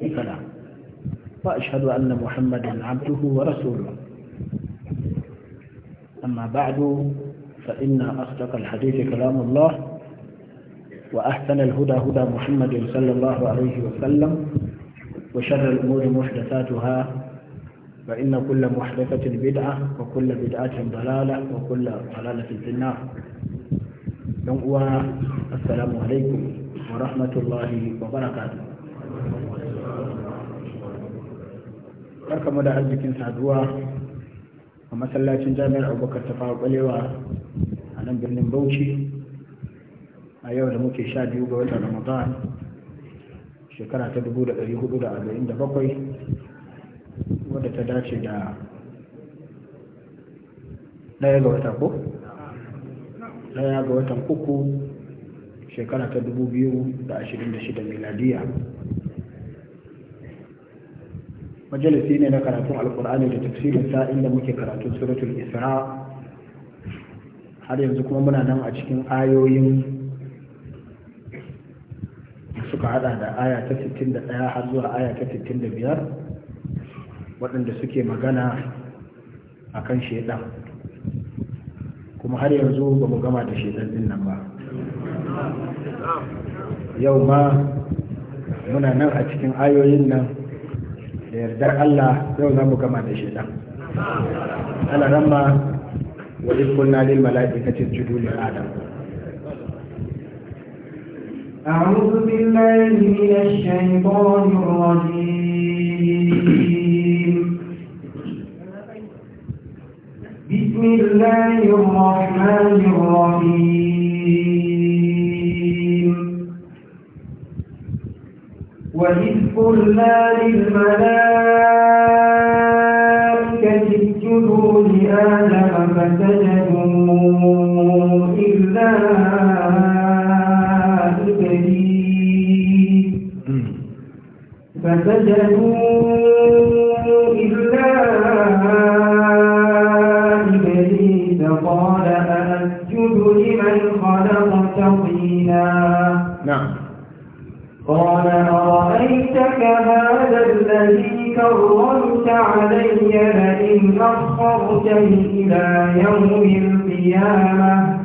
كلام وأشهد أن محمدا عبده ورسوله أما بعد فإن أصدق الحديث كلام الله وأحسن الهدى هدى محمد صلى الله عليه وسلم وشر الأمور محدثاتها فإن كل محدثة بدعة وكل بدعة ضلالة وكل ضلالة في النار السلام عليكم ورحمة الله وبركاته barka mu da arzikin saduwa a masallacin jami'ar abubakar ta fara kwalewa a nan birnin bauchi a yau da muke sha biyu ga watan ramadan shekara ta bakwai wadda ta dace da daya ga wata ko? daya ga watan uku shekara ta 2026 miladiya majalisi ne na karatun alkur'ani da tafsirin sa inda muke karatun suratul isra har yanzu kuma muna nan a cikin ayoyin suka hada da aya ta 61 har zuwa aya ta 65 waɗanda suke magana a kan shaidan kuma har yanzu ba mu gama da shaidan din nan ba yau ma muna nan a cikin ayoyin nan da yardar Allah yau za mu gama da shaidan ana ramma wa ikunna lil mala'ikati tujudu li adam أعوذ بالله من الشيطان الرجيم بسم الله الرحمن الرحيم وإذ قلنا للملائكة اسجدوا لآدم فسجدوا إلا إبليس فسجدوا أنعمت علي لئن أخرتني إلى يوم القيامة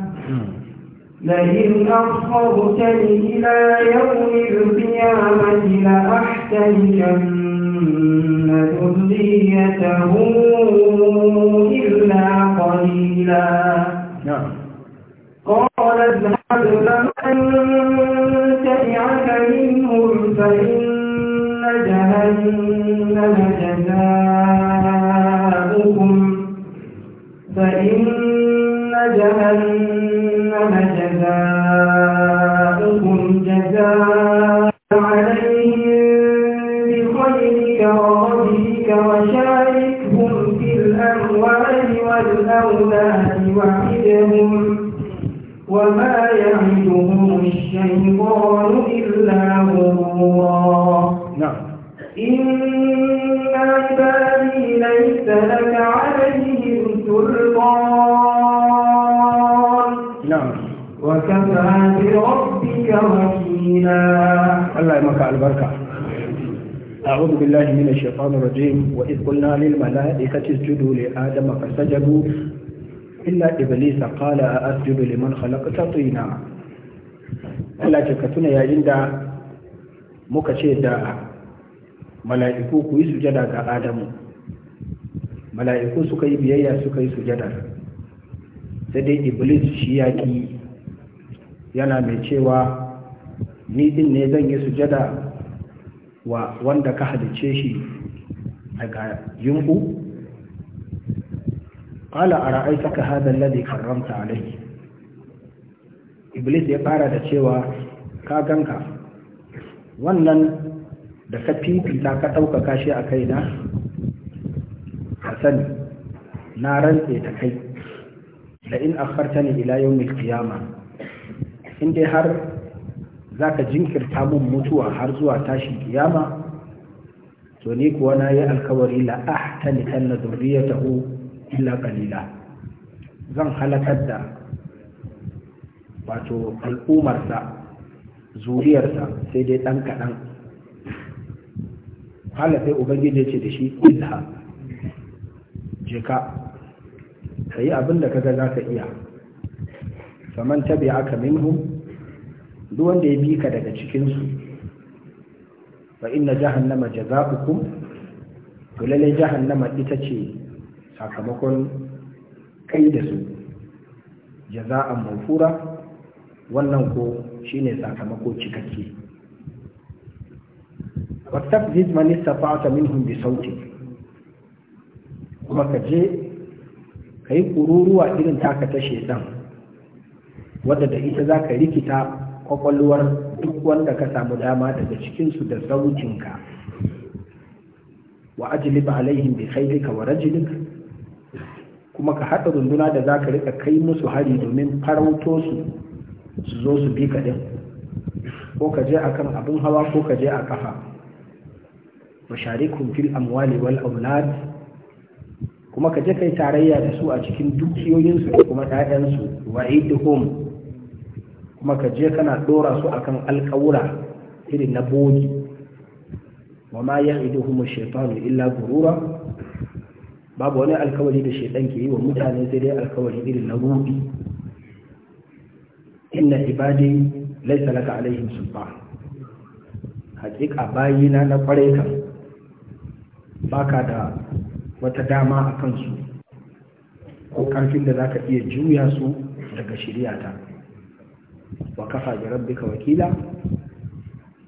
لئن أخرتني إلى يوم القيامة لأحتنكن ذريته إلا قليلا نعم albarka أعوذ بالله من الشيطان الرجيم وإذ قلنا للملائكة اسجدوا لآدم فسجدوا إلا إبليس قال أسجد لمن خلقت طينا Allah ce ka tuna yayin da muka ce da mala'iku ku yi sujada ga Adamu mala'iku suka yi biyayya suka yi sujada sai dai Iblis shi yaƙi yana mai cewa ni din ne zan yi sujada wa wanda ka halice shi daga yunku ƙala a ra'aitaka hadar lade karramta alai iblis ya fara da cewa ka ganka wannan da ka fifita ka ɗaukaka shi a kai ka sani na rantse ta kai da in ne ila yawmil kiyama. in dai har za ka jinkirta mun mutuwa har zuwa tashin kiyama to ni kuwa na yi alkawari la ahtani zurriyatahu illa qalila zan halakar da wato al'ummarsa zuriyarsa sai dai dan kaɗan. hala sai ubangiji ce da shi illa jika kai abin da kaga zaka iya faman aka minhum duk wanda ya bi ka daga cikinsu wa inna jahannama jaza'ukum to lalle jahannama ita ce sakamakon kai da su jaza'an mafura wannan ko shine sakamako cikakke واستفزز من استطعت منهم بصوتك kuma ka je ka yi kururuwa irin taka ta shedan wadda da ita zaka rikita kwakwalwar duk wanda ka samu dama daga cikinsu da zaucinka wa ba alaihim bi khaylika wa rajlik kuma ka haɗa runduna da za ka rika kai musu hari domin farauto su su zo su bi ka ko ka je akan abin hawa ko ka je a kafa wa sharikum fil amwali wal aulad kuma ka je kai tarayya da su a cikin dukiyoyinsu da kuma ɗayansu wa idhum kuma ka je kana dora su akan alƙawura irin na bogi wa ma ya idu kuma shaitanu illa gurura babu wani alkawari da shaitan ke yi wa mutane sai dai alkawari irin na rubi inna ibadi laisa laka alaihim sultan hakika bayina na kwarai ka, baka da wata dama a kansu ko karfin da zaka iya juya su daga shirya ta wa kafa bi rabbika wakila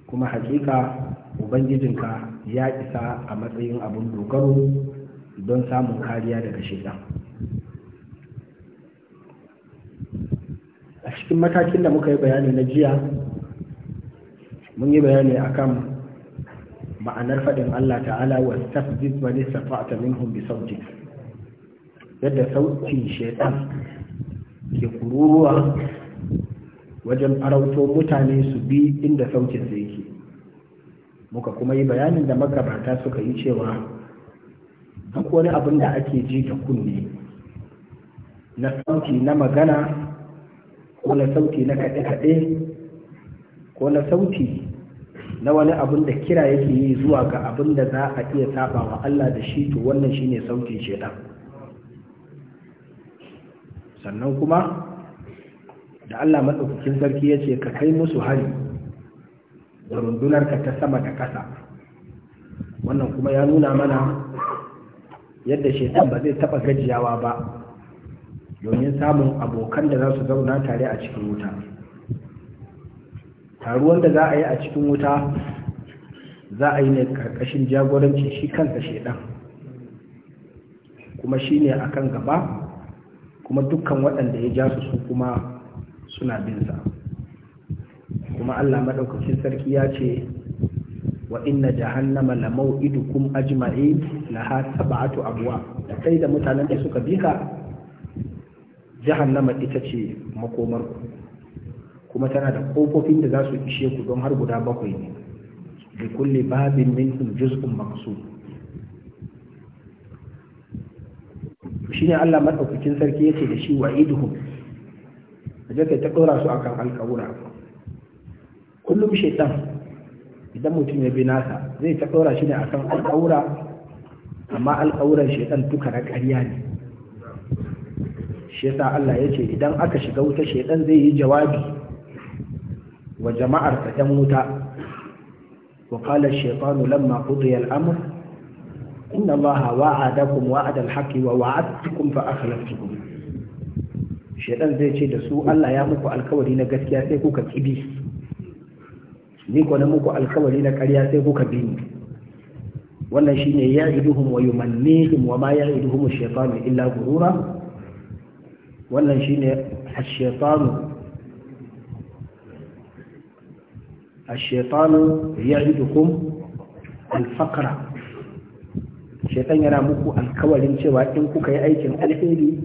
kuma hakika ubangijinka ya isa a matsayin abun dogaro don samun kariya daga shaitan a cikin matakin da muka yi bayani na jiya mun yi bayani akan ma'anar faɗin Allah ta'ala wa tafzid wa nistafa'ta minhum bi sautik yadda sautin shaitan ke kururuwa wajen farauto mutane su bi inda saukin sa yake muka kuma yi bayanin da magabata suka yi cewa duk wani abin da ake ji da kunne na sauti na magana ko na sauti na kaɗe-kaɗe ko na sauti na wani abin da kira yake yi zuwa ga abin da za a iya saba wa Allah da shi to wannan shine sautin shaitan sannan kuma da Allah maɗaukakin sarki ya ce ka kai musu hari da rundunarka ta sama da ƙasa wannan kuma ya nuna mana yadda shaitan ba zai taɓa gajiyawa ba domin samun abokan da za su zauna tare a cikin wuta taruwan da za a yi a cikin wuta za a yi ne karkashin jagoranci shi kansa shaidan kuma shi ne a kan gaba kuma dukkan waɗanda ya ja su su kuma suna binsa kuma Allah maɗaukacin sarki ya ce wa inna jahannama la mau'idukum ajma'in laha sab'atu abwa da kai da mutanen da suka bika jahannama ita ce makomar ku kuma tana da kofofin da za su ishe ku don har guda bakwai ne bi kulli babin minhum juz'un maqsud shine Allah maɗaukakin sarki yace da shi wa'iduhum a je kai ta su akan alkawura kullum shaitan idan mutum ya bi nasa zai ta shi ne akan alkawura amma alkawuran shaitan duka na ƙarya ne shi yasa Allah ya ce idan aka shiga wuta shaitan zai yi jawabi wa jama'ar ta ɗan wuta wa qala ash lamma qudiya al-amr inna allaha wa'adakum wa'ada al-haqqi wa wa'adtukum fa akhlaftukum shaidan zai ce da su Allah ya muku alkawari na gaskiya sai kuka kibi ni ko na muku alkawari na ƙarya sai kuka bi ni wannan shine ya iduhum wa yumannihim wa ma ya iduhum shaytanu illa gurura wannan shine ash-shaytanu ash-shaytanu ya'idukum al-faqra shaytan yana muku alkawarin cewa in kuka yi aikin alheri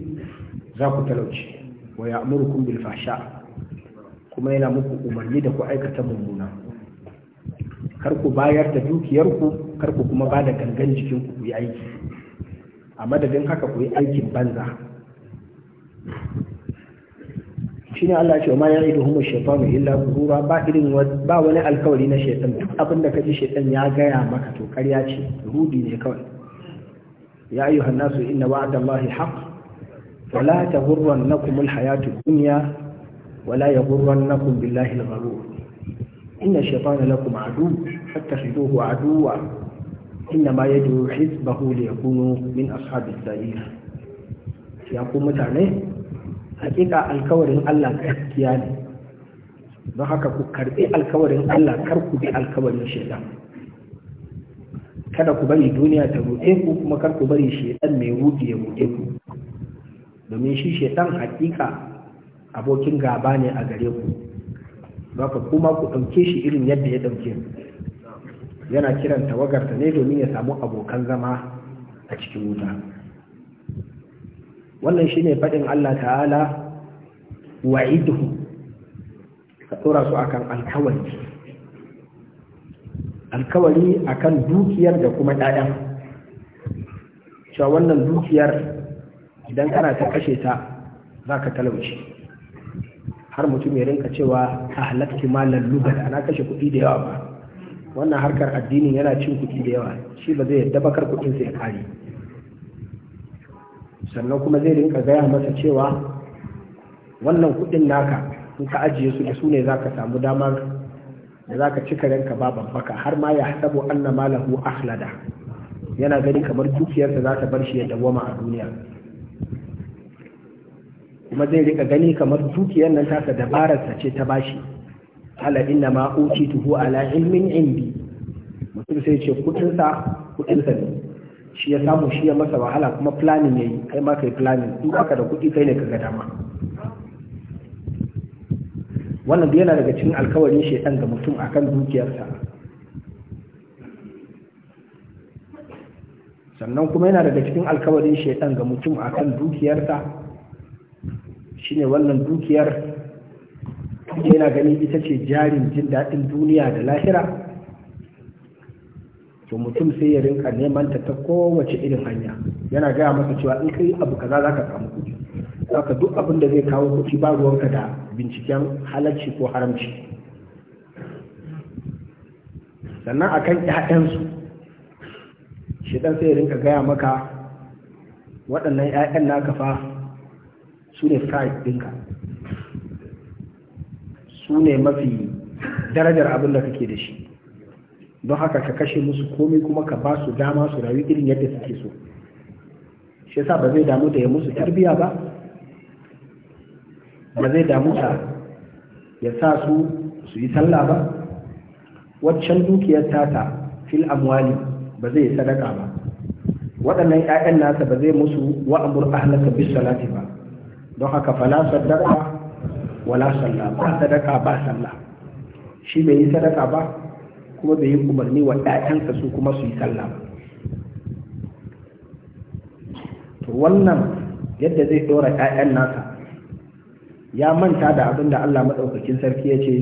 za ku talauci wa ya'murukum bil fahsha kuma yana muku umarni da ku aikata mummuna kar ku bayar da dukiyarku kar ku kuma ba da gangan jikinku ku yi aiki a madadin haka ku yi aikin banza Shi ne Allah ya ce ma yi humu shaytanu illa ghurura ba irin ba wani alkawari na shaytan duk abin da kaji shaytan ya gaya maka to ƙarya ce rudi ne kawai ya ayyuhan nasu inna wa'adallahi haqq wala ta gurran na kumul hayatu duniya wala ya gurran na kun billahi al-gharur inna shaytana lakum adu fattakhiduhu aduwa inna ma yadu hizbahu li yakunu min ashabis sa'ir ya ku mutane hakika alkawarin Allah gaskiya ne don haka ku karbi alkawarin Allah kar ku bi alkawarin kada ku bari duniya ta ruɗe ku kuma kar ku bari shaitan mai ruɗi ku domin shi shaitan hakika abokin gaba ne a gare ku ba ka kuma ku ɗauke shi irin yadda ya ɗauke yana kiran tawagarta ne domin ya samu abokan zama a cikin wuta wannan shi ne faɗin Allah ta'ala wa'iduhu ka tsora su akan alkawari alkawari akan dukiyar da kuma ɗaya cewa wannan dukiyar idan kana ta kashe ta za ka talauci har mutum ya rinka cewa a halakki malar lugar ana kashe kuɗi da yawa ba wannan harkar addinin yana cin kuɗi da yawa shi ba zai yadda bakar sa ya kare sannan kuma zai rinka gaya masa cewa wannan kuɗin naka in ka ajiye su da su ne za ka samu damar da za ka ci karen ka ba babbaka har ma ya haɗabo annama lahu ahlada yana gani kamar dukiyarsa za ta bar shi ya dawwama a duniya kuma zai rika gani kamar dukiyar nan tasa dabararsa ce ta bashi ala inna ma tuhu ala ilmin indi mutum sai ce kudinsa kudinsa ne shi ya samu shi ya masa wahala kuma planning yayi kai ma kai planning duk aka da kudi kai ne ka gada dama wannan da yana daga cikin alkawarin shaitan ga mutum akan dukiyarsa sannan kuma yana daga cikin alkawarin shaitan ga mutum akan dukiyarsa shine wannan dukiyar yana gani ita ce jarin jin daɗin duniya da lahira to mutum sai ya rinka neman ta ta kowace irin hanya yana gaya masa cewa in kai abu kaza za ka samu kuɗi za ka duk abin da zai kawo kuɗi ba ruwanka da binciken halarci ko haramci sannan a kan ƴaƴansu shi ɗan sai ya rinka gaya maka waɗannan 'ya'yan naka fa su ne price ɗinka su ne mafi darajar abin da kake da shi don haka ka kashe musu komai kuma ka ba su dama su rayu irin yadda suke so shi yasa ba zai damu da ya musu tarbiya ba ba zai damu da ya sa su su yi sallah ba waccan dukiyar tata fil amwali ba zai sadaka ba waɗannan 'ya'yan nasa ba zai musu wa'amur ahlaka bis salati ba don haka fala sadaka wala sallah ba sadaka ba sallah shi bai yi sadaka ba kuma bai yi umarni wa ɗayansa su kuma su yi sallah ba to wannan yadda zai ɗora ɗayan nasa ya manta da abin da Allah maɗaukakin sarki ya ce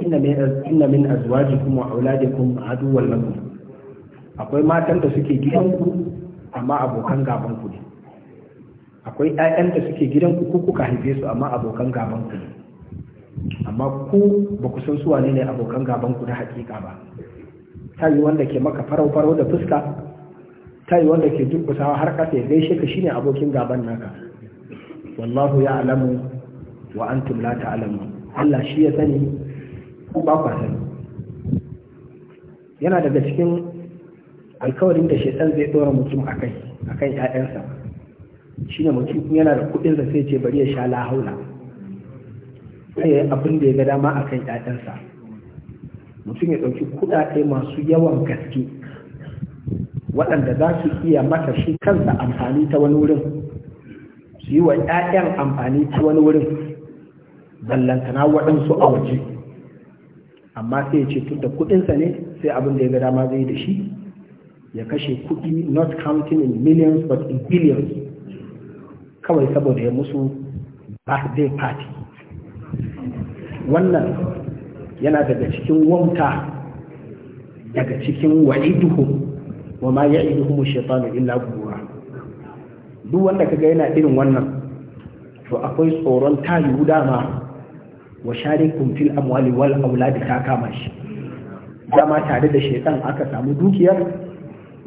inna min azwajikum wa auladikum aduwwan lakum akwai matan da suke gidanku amma abokan gaban gabanku akwai ƴaƴan da suke gidan ku kuka haife su amma abokan gaban ku amma ku ba ku san su wane ne abokan gaban ku na hakika ba ta yi wanda ke maka farau farau da fuska ta yi wanda ke dukkusawa har ƙasa ya gaishe ka shine abokin gaban naka wallahu ya alamu wa antum la alamu, Allah shi ya sani ku ba ku sani yana daga cikin alkawarin da shaitan zai dora mutum akai akan ƴaƴansa shi ne mutum yana da kudin sa sai ce bari ya sha lahaula sai ya abin da ya ga dama a kan ƴaƴansa mutum ya ɗauki kuɗaɗe masu yawan gaske waɗanda za su iya mata shi kansa amfani ta wani wurin su yi wa ƴaƴan amfani ta wani wurin ballantana waɗansu a waje amma sai ya ce tun da kuɗinsa ne sai abin da ya ga dama zai da shi ya kashe kuɗi not counting in millions but in billions kawai saboda ya musu birthday party wannan yana daga cikin wauta daga cikin wa'iduhu wa ma ya'iduhu shaytanu illa gurura duk wanda kaga yana irin wannan to akwai tsoron tayu dama wa sharikum fil amwali wal auladi ta kama shi dama tare da shaitan aka samu dukiyar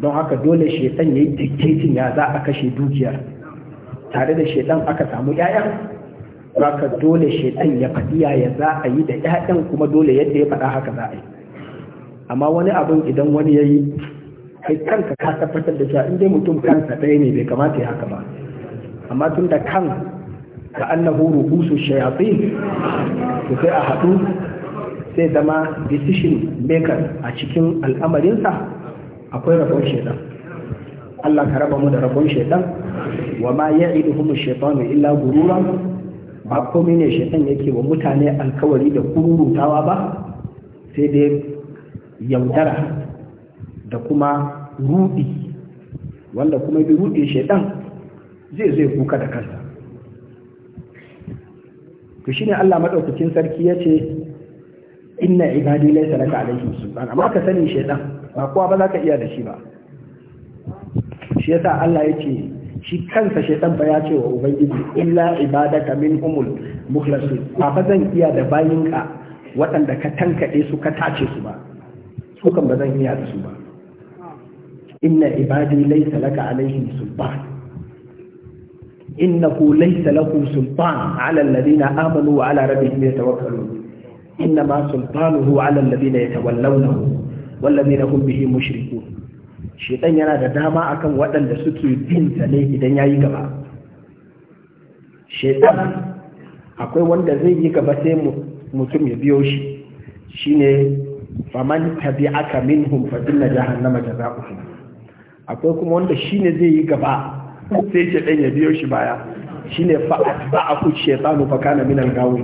don haka dole shaitan yayi dictating ya za a kashe dukiyar tare da shaidan aka samu ƴaƴan ka dole shaidan ya faɗi ya za a yi da 'ya'yan kuma dole yadda ya faɗa haka za a yi amma wani abin idan wani ya yi kai kanka ka tabbatar da cewa in dai mutum kansa ɗaya ne bai kamata ya haka ba amma tun da kan ka annahu rubusu shayatin to sai a haɗu sai zama decision maker a cikin al'amarinsa akwai rabon shaidan Allah ka raba mu da rabon shaitan wa ma ya'iduhum ash mai illa gurura ba komai ne shaitan yake wa mutane alkawari da kururutawa ba sai dai yaudara da kuma rudi wanda kuma bi rudi shaitan zai zai kuka da kansa to shine Allah madaukakin sarki yace inna ibadi laysa laka alaihim sultan amma ka sani shaitan ba kowa ba za ka iya da shi ba shi yasa Allah ya ce shi kansa shaitan fa ya ce wa ubangiji illa ibadaka min umul mukhlasin ba fa zan iya da bayinka waɗanda ka tankaɗe su ka tace su ba su kan ba zan iya da su ba inna ibadi laysa laka alaihim sultan innahu laysa lahu sultan ala alladhina amanu wa ala rabbihim yatawakkalun إنما سلطانه على الذين يتولونه والذين هم به مشركون shedan yana da dama akan waɗanda suke bin sa ne idan yayi gaba shedan akwai wanda zai yi gaba sai mutum ya biyo shi shine faman tabi'aka minhum fa inna jahannama jazaohum akwai kuma wanda shine zai yi gaba sai shedan ya biyo shi baya shine fa atba'ahu shaytanu fa kana minan gawo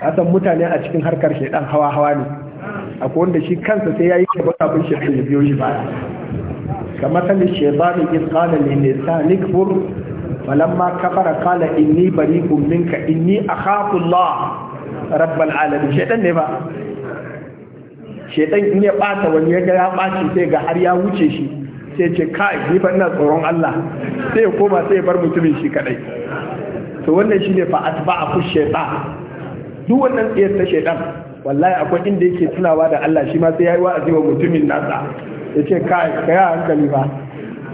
kasan mutane a cikin harkar shedan hawa hawa ne akwai wanda shi kansa sai ya yi gaba kafin shi ya biyo shi baya kamar sani shaitani in ne lin kala ikfur falamma kafara qala inni bari'un minka inni a Allah rabbal alami shaitan ne ba shaitan in ya bata wani ya ga ya baci sai ga har ya wuce shi sai ce kai ni fa ina tsoron Allah sai ya koma sai ya bar mutumin shi kadai to wannan shine fa atba'a fi shaitan duk wannan tsiyar ta shaitan wallahi akwai inda yake tunawa da Allah shi ma sai yayi wa'azi wa mutumin nasa yace kai kai hankali ba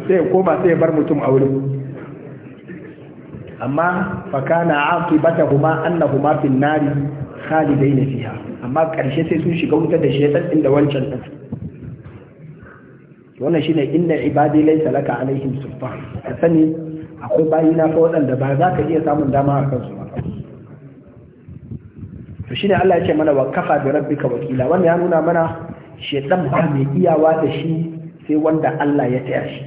sai koma sai ya bar mutum a wurin amma fa kana annahu annahuma fin nari khalidaina fiha amma karshe sai sun shiga wutar da shaytan inda wancan din wannan shine inna ibadi laysa laka alaihim sultan sani akwai bayina ko waɗanda ba za ka iya samun dama a kansu ba to ne Allah ya ce mana wa kafa bi rabbika wakila wanda ya nuna mana shedan ba mai iyawa da shi sai wanda Allah ya taya shi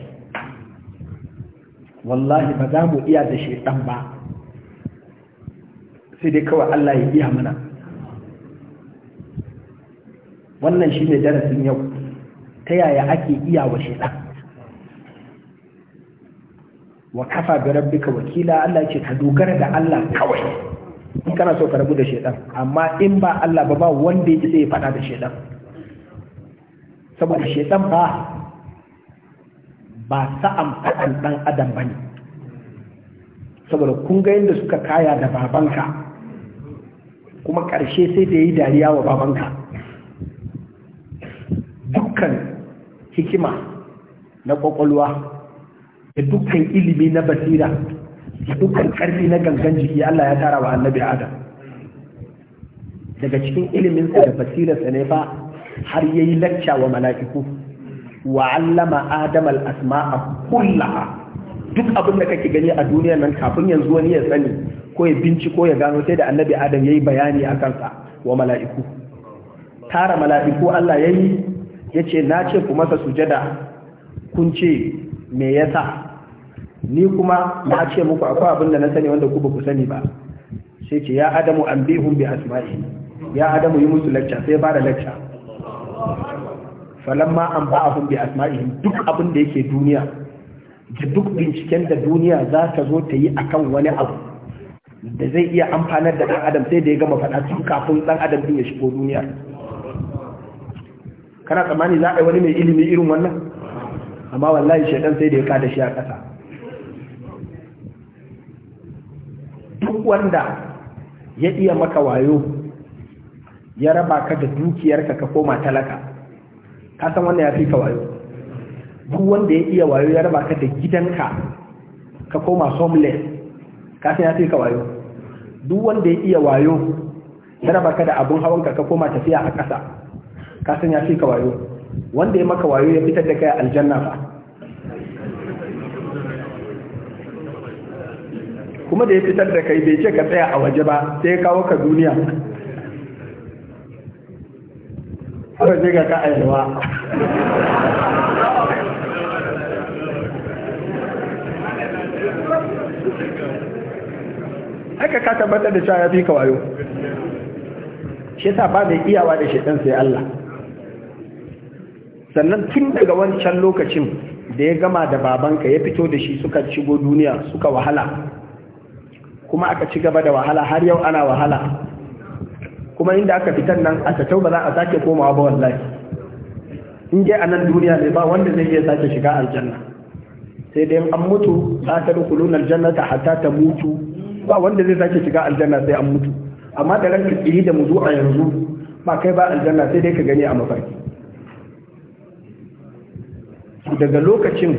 wallahi ba za mu iya da dan ba sai dai kawai Allah ya iya mana wannan shi ne darasin yau ta yaya ake iya wa shedan wa kafa bi rabbika wakila Allah ya ce ka dogara da Allah kawai in kana so ka rabu da shaidan amma in ba Allah ba ba wanda yake sai ya fada da shaidan saboda shaidan ba ba sa'an fadan dan adam ne. saboda kun ga yadda suka kaya da babanka kuma ƙarshe sai da yi dariya wa babanka dukkan hikima na ƙwaƙwalwa da dukkan ilimi na basira dukkan karfi na gangan jiki Allah ya tara wa annabi Adam daga cikin ilimin sa da basirarsa ne fa har yayi lacca wa mala'iku wa 'allama Adam al-asma'a kullaha duk abin da kake gani a duniya nan kafin yanzu wani ya sani ko ya binciko ya gano sai da annabi Adam yayi bayani a kansa wa mala'iku tara mala'iku Allah yayi yace na ce ku masa sujada kun ce me yasa ni kuma na ce muku akwai abin da na sani wanda ku ba ku sani ba sai ce ya adamu an bihun bi asma'i ya adamu yi musu lacca sai ba da lacca falamma an ba'ahum bi Asma'i duk abin da yake duniya da duk binciken da duniya za ta zo ta yi akan wani abu da zai iya amfanar da dan adam sai da ya gama faɗa tun kafin dan adam din ya shigo duniya kana tsammani za a yi wani mai ilimi irin wannan amma wallahi shaidan sai da ya kada shi a ƙasa duk wanda ya iya maka wayo ya raba ka da dukiyarka ka koma talaka ka san wannan ya fi ka wayo duk wanda ya iya wayo ya raba ka da gidanka ka koma homeless ka san ya fi ka wayo duk wanda ya iya wayo ya raba ka da abun hawanka ka koma tafiya a ƙasa ka san ya fi ka wayo wanda ya maka wayo ya fitar da kai aljanna fa kuma da ya fitar da kai bai ce ka tsaya a waje ba sai ya kawo ka duniya haka sai ga ka'ayarwa haka ka tabbatar da cewa ya fi ka wayo shi ba mai iyawa da shi sai Allah sannan tun daga wancan lokacin da ya gama da babanka ya fito da shi suka shigo duniya suka wahala kuma aka ci gaba da wahala har yau ana wahala kuma inda aka fitan nan a tattau ba za a sake komawa ba wallahi in dai a nan duniya ne ba wanda zai iya sake shiga aljanna sai dai an mutu za ta aljanna ta hatta ta mutu ba wanda zai sake shiga aljanna sai an mutu amma da ranka tsiri da muzu a yanzu ba kai ba aljanna sai dai ka gani a mafarki daga lokacin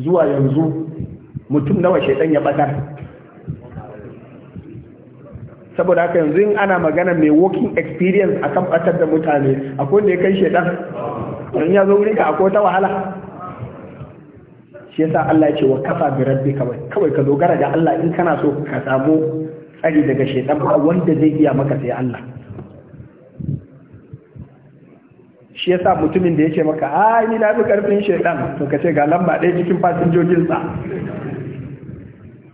zuwa yanzu mutum nawa shaidan ya batar saboda haka yanzu in ana magana mai working experience a kan batar da mutane a da ya kai shedan ya zo wurin ka a ta wahala shi yasa Allah ce wa kafa bi rabbi kawai kawai ka dogara ga Allah in kana so ka samu tsari daga shaidan ba wanda zai iya maka sai Allah shi yasa mutumin da ya ce maka a ni na fi karfin shaidan to ka ce ga lamba ɗaya cikin fasinjojin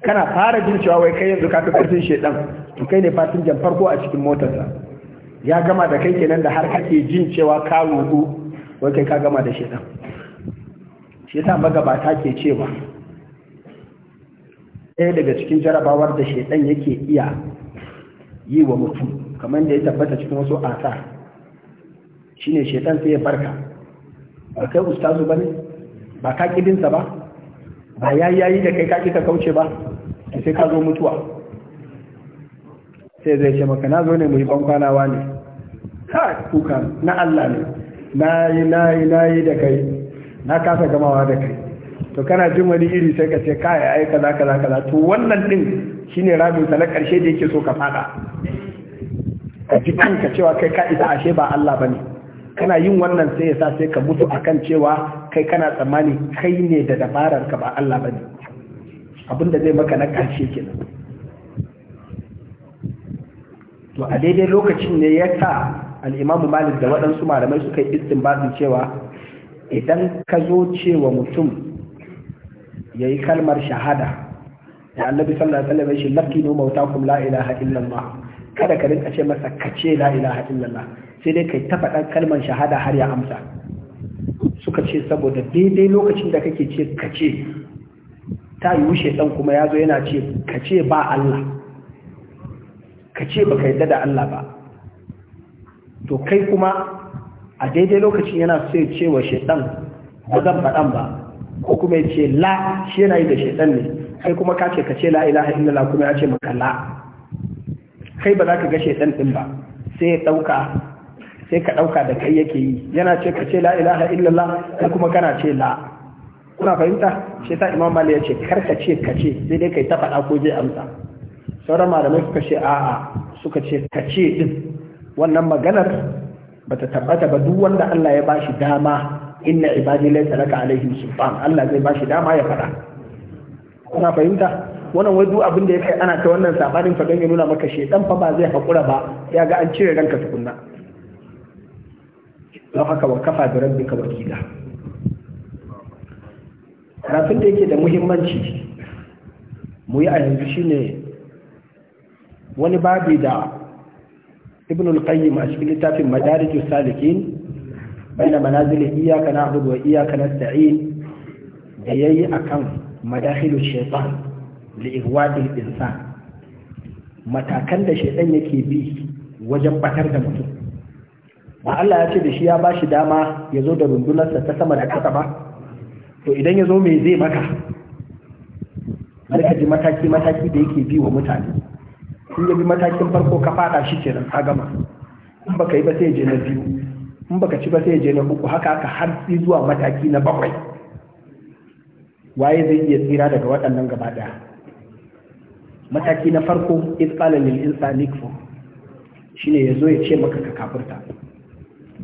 kana fara jin cewa wai kai yanzu ka fi karfin shedan to kai ne fasinjan farko a cikin motarsa ya gama da kai kenan da har kake jin cewa ka rubu wai kai ka gama da shedan shi yasa magabata ke cewa ɗaya daga cikin jarabawar da shedan yake iya yi wa mutum kamar da ya tabbata cikin wasu asa shine shedan sai ya barka ba kai ustazu bane ba ka kidinsa ba ba ya yayi da kai ka kika kauce ba da sai ka zo mutuwa sai zai ce maka na zo ne mu yi bankwanawa ne Ha kuka na Allah ne na yi na yi na yi da kai na kasa gamawa da kai to kana jin wani iri sai ka ce ya ai kaza kaza kaza to wannan din shine rabin sa na karshe da yake so ka fada ka ji kanka cewa kai ka isa ashe ba Allah bane kana yin wannan sai ya sa sai ka mutu akan cewa kai kana tsammani kai ne da dabarar ka ba Allah bane abinda zai maka na ƙarshe kenan to a daidai lokacin ne ya sa al'imamu malik da waɗansu malamai suka yi istinbatin cewa idan ka zo cewa mutum ya yi kalmar shahada da annabi sallallahu alaihi wasallam shi lakinu mautakum la ilaha illallah kada ka rinka ce masa kace la ilaha illallah sai dai kai ta faɗan kalmar shahada har ya amsa suka ce saboda daidai lokacin da kake ce ka ce. ta yiwu ɗan kuma ya zo yana ce ka ce ba Allah ka ce ba ka yadda da Allah ba to kai kuma a daidai lokacin yana sai cewa ce wa shaidan ba zan faɗan ba ko kuma ya ce la shi yana yi da shaidan ne kai kuma ka ce ka ce la ilaha illallah kuma ya ce maka la kai ba za ka ga shaidan ɗin ba sai ya ɗauka sai ka ɗauka da kai yake yi yana ce ka ce la ilaha illallah kai kuma kana ce la kuna fahimta shi ta imam mali ya ce karka ce kace sai dai kai ta faɗa ko zai amsa sauran malamai suka ce a'a suka ce kace din wannan maganar bata tabbata ba duk wanda Allah ya bashi dama inna ibadi laysa laka alaihim sultan Allah zai bashi dama ya faɗa kuna fahimta wannan wai duk abin da ya kai ana ta wannan sabanin fa don ya nuna maka Dan fa ba zai hakura ba ya ga an cire ranka tukunna don haka wa kafa da ka wakila karatun da yake da muhimmanci mu yi a yanzu ne wani babi da ibn al-qayyim a cikin littafin Majalisar salikin baina manazilin iyaka na Abubuwa iyaka na sa'in da ya yi a kan madahilu shaitan da insa matakan da shaitan yake bi wajen batar da mutum ba Allah ya ce da shi ya ba shi dama ya zo da rundunarsa ta sama da kasa ba to idan ya zo mai zai maka ka ji mataki mataki da yake bi wa mutane in ya bi matakin farko ka fada shi kenan ka gama in baka yi ba sai je na biyu in baka ci ba sai je na uku haka haka har zuwa mataki na bakwai waye zai iya tsira daga waɗannan gaba ɗaya mataki na farko isqala lil insani kfur shine yazo ya ce maka ka kafirta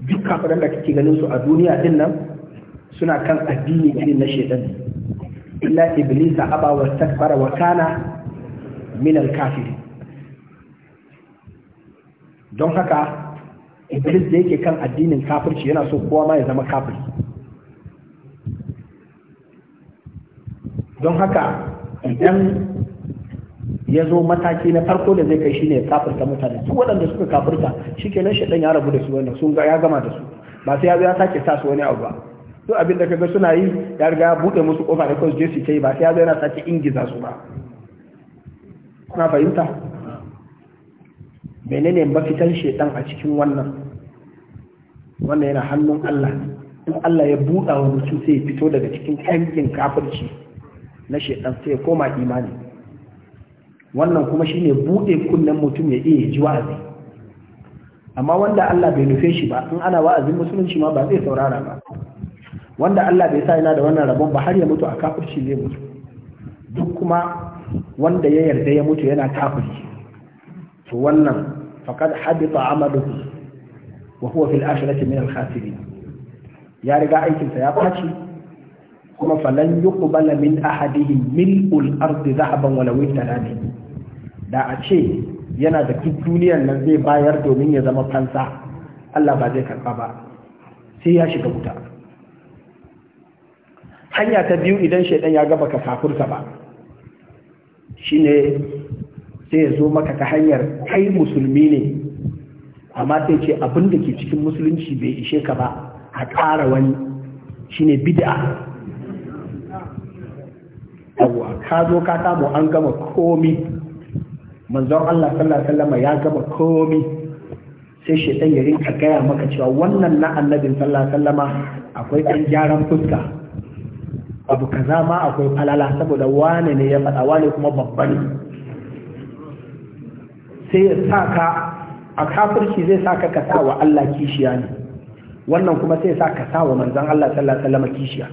duk kafiran da kake ganin su a duniya din nan suna kan addini irin na shaitan illa iblisa aba wa takbara wa kana min al kafir don haka iblis da yake kan addinin kafirci yana so kowa ma ya zama kafir don haka idan ya zo mataki na farko da zai kai shine ya kafirta mutane duk waɗanda suka kafirta shikenan shaɗan ya rabu da su wannan sun ya gama da su ba sai ya zo ya sake sa su wani abu ba su abin da kaga suna yi ya riga buɗe musu kofa da kawai je ta yi ba sai ya zai yana sake ingiza su ba kuna fahimta ne mafitan shedan a cikin wannan wannan yana hannun Allah in Allah ya buɗa wa mutum sai fito daga cikin ƙangin kafirci na shedan sai koma imani wannan kuma shine buɗe kunnen mutum ya iya ji wa'azi amma wanda Allah bai nufe shi ba in ana wa'azin musulunci ma ba zai saurara ba wanda Allah bai sa yana da wannan rabon ba har ya mutu a kafirci zai mutu duk kuma wanda ya yarda ya mutu yana kafirci to wannan faqad hadita amaluhu wa huwa fil akhirati min al khasirin ya riga aikin sa ya faci kuma falan yuqbala min ahadihim mil'ul ardi dhahaban walau ittala da a ce yana da duk duniyar nan zai bayar domin ya zama fansa Allah ba zai karba ba sai ya shiga wuta hanya ta biyu idan shaidan ya gaba ka kafurta ba shine sai ya zo maka ta hanyar kai musulmi ne amma sai ce abin da ke cikin musulunci bai ishe ka ba a ƙara wani shine bid'a abuwa ka zo ka samu an gama komi manzon Allah sallallahu alaihi wasallam ya gama komi sai shaidan ya rinka gaya maka cewa wannan na annabin sallallahu alaihi wasallama akwai ɗan gyaran fuska abu kaza ma akwai falala saboda wane ne ya faɗa wane kuma babba ne sai ya sa ka a kafirci zai sa ka kasa wa Allah kishiya ne wannan kuma sai ya sa ka sa wa manzon Allah sallallahu alaihi wasallam kishiya